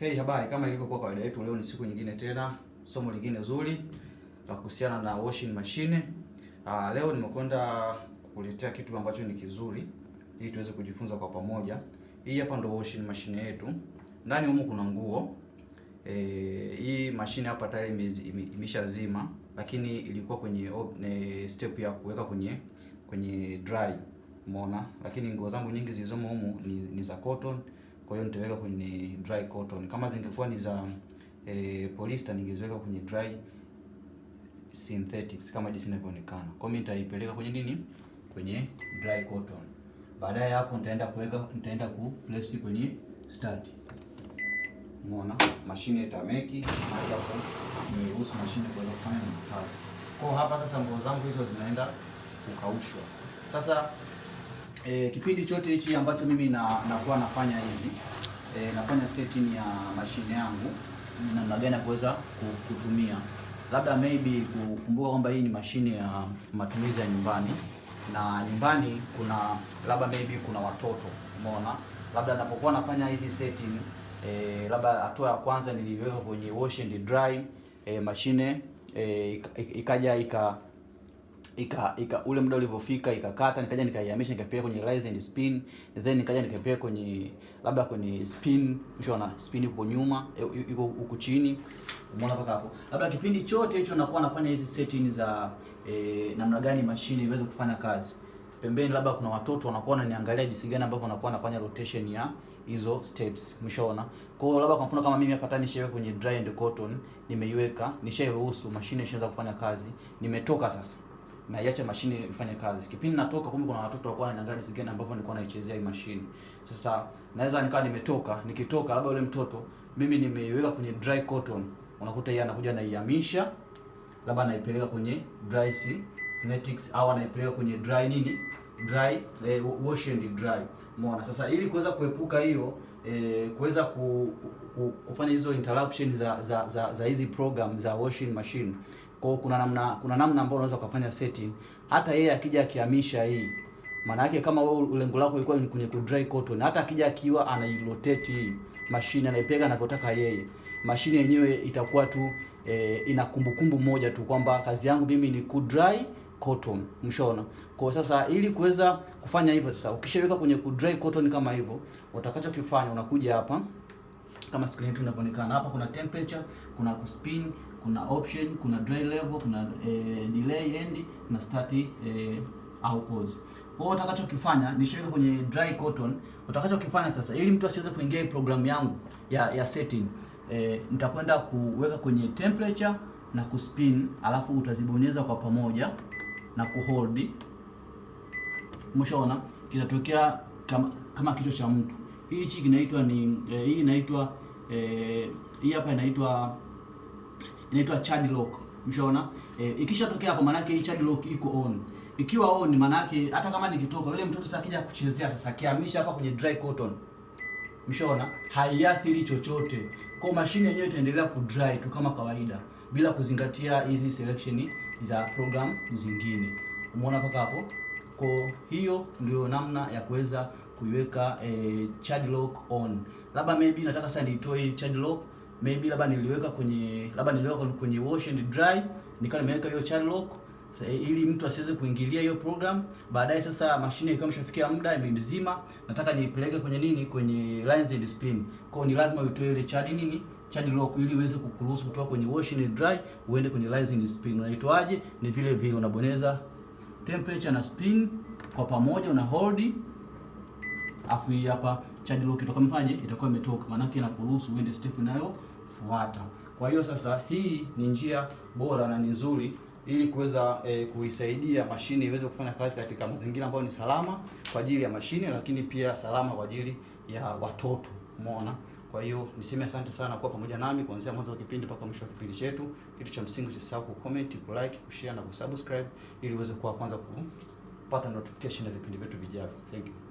Hey, habari. Kama ilivyokuwa kawaida yetu, leo ni siku nyingine tena, somo lingine zuri la kuhusiana na washing machine. Aa, ah, leo nimekwenda kukuletea kitu ambacho ni kizuri ili tuweze kujifunza kwa pamoja. Hii hapa ndo washing machine yetu, ndani humu kuna nguo e, hii mashine hapa tayari imeshazima, lakini ilikuwa kwenye ne, step ya kuweka kwenye kwenye dry, umeona. Lakini nguo zangu nyingi zilizomo humu ni, ni za cotton kwa hiyo nitaweka kwenye dry cotton. Kama zingekuwa ni za e, polyester ningeziweka kwenye dry synthetics kama jinsi inavyoonekana. Kwa hiyo nitaipeleka kwenye nini? Kwenye dry cotton. Baadaye hapo nitaenda kuweka nitaenda ku place kwenye stud. Umeona? Mashine itameki na hapo nimeruhusu mashine kuweza kufanya kazi. Kwa hapa sasa nguo zangu hizo zinaenda kukaushwa. Sasa E, kipindi chote hichi ambacho mimi na, nakuwa nafanya hizi e, nafanya setting ya mashine yangu namna gani ya kuweza kutumia, labda maybe kukumbuka kwamba hii ni mashine ya matumizi ya nyumbani, na nyumbani kuna labda maybe kuna watoto, umeona, labda napokuwa nafanya hizi setting e, labda hatua ya kwanza niliweka kwenye wash and dry e, mashine e, ikaja ika ika, ika ule muda ulivyofika ikakata, nikaja nikaihamisha nikapeleka kwenye rise and spin, then nikaja nikapeleka kwenye labda kwenye spin. Unaona spin e, yuko nyuma iko huko chini, umeona paka hapo. Labda kipindi chote hicho nakuwa nafanya hizi settings za e, namna gani mashine iweze kufanya kazi. Pembeni labda kuna watoto wanakuwa wananiangalia jinsi gani ambavyo wanakuwa nafanya rotation ya hizo steps mshaona. Kwa hiyo labda kwa mfano kama mimi hapa tani shewe kwenye dry and cotton, nimeiweka, nishairuhusu mashine ishaanza kufanya kazi, nimetoka sasa na iache mashine ifanye kazi. Kipindi natoka, kumbe kuna watoto walikuwa wananiangalia jinsi gani ambavyo nilikuwa naichezea hii mashine. Sasa naweza nikawa nimetoka, nikitoka labda yule mtoto mimi nimeiweka kwenye dry cotton, unakuta yeye anakuja anaihamisha, labda naipeleka kwenye dry synthetics au anaipeleka kwenye dry nini dry eh, wash and dry. Umeona? Sasa ili kuweza kuepuka hiyo eh, kuweza ku, ku, kufanya hizo interruption za za za hizi program za washing machine kwa hiyo kuna namna kuna namna ambayo unaweza kufanya setting. Hata yeye akija akihamisha hii. Maana yake kama wewe lengo lako lilikuwa ni kwenye ku dry cotton, hata akija akiwa anairotate hii mashine anaipeka anapotaka yeye. Mashine yenyewe itakuwa tu e, ina kumbukumbu moja tu kwamba kazi yangu mimi ni ku dry cotton. mshona. Kwa sasa ili kuweza kufanya hivyo sasa ukishaweka kwenye ku dry cotton kama hivyo, utakachokifanya unakuja hapa kama screen yetu inavyoonekana hapa, kuna temperature, kuna kuspin, kuna option, kuna dry level, kuna eh, delay end na start eh, au pause. Kwa hiyo utakachokifanya nishoweka kwenye dry cotton. Utakachokifanya sasa ili mtu asiweze kuingia programu yangu ya ya setting eh, nitakwenda kuweka kwenye temperature na kuspin, alafu utazibonyeza kwa pamoja na kuhold. Umeshaona kinatokea kama, kama kichwa cha mtu. Hichi kinaitwa ni eh, hii inaitwa eh, hii hapa inaitwa inaitwa chad lock. Mshaona? E, ikishatokea hapo maana yake hii chad lock iko on. Ikiwa on maana yake hata kama nikitoka yule mtoto sasa akija kuchezea sasa akihamisha hapa kwenye dry cotton. Mshaona? Haiathiri chochote. Kwa mashine yenyewe itaendelea ku dry tu kama kawaida bila kuzingatia hizi selection za program zingine. Umeona mpaka hapo? Kwa hiyo ndio namna ya kuweza kuiweka e, chad lock on. Labda maybe nataka sasa nitoe chad lock maybe labda niliweka kwenye labda niliweka kwenye wash and dry, nikawa nimeweka hiyo child lock eh, ili mtu asiweze kuingilia hiyo program. Baadaye sasa mashine ikiwa imeshafikia muda imezima, nataka nipeleke kwenye nini, kwenye lines and spin. Kwa ni lazima uitoe ile chadi nini, chadi lock, ili uweze kukuruhusu kutoka kwenye wash and dry uende kwenye lines and spin. Unaitoaje? Ni vile vile unabonyeza temperature na spin kwa pamoja, una hold afu hapa charge lock itakuwa mfaje, itakuwa imetoka, maana yake inakuruhusu uende step inayofuata. Kwa hiyo sasa, hii ni njia bora na ni nzuri ili kuweza e, kuisaidia mashine iweze kufanya kazi katika mazingira ambayo ni salama kwa ajili ya mashine, lakini pia salama kwa ajili ya watoto. Umeona? Kwa hiyo niseme asante sana kwa pamoja nami kuanzia mwanzo wa kipindi mpaka mwisho wa kipindi chetu. Kitu cha msingi usisahau ku comment, ku like, ku share na ku subscribe ili uweze kuwa kwanza kupata notification ya vipindi vyetu vijavyo. Thank you.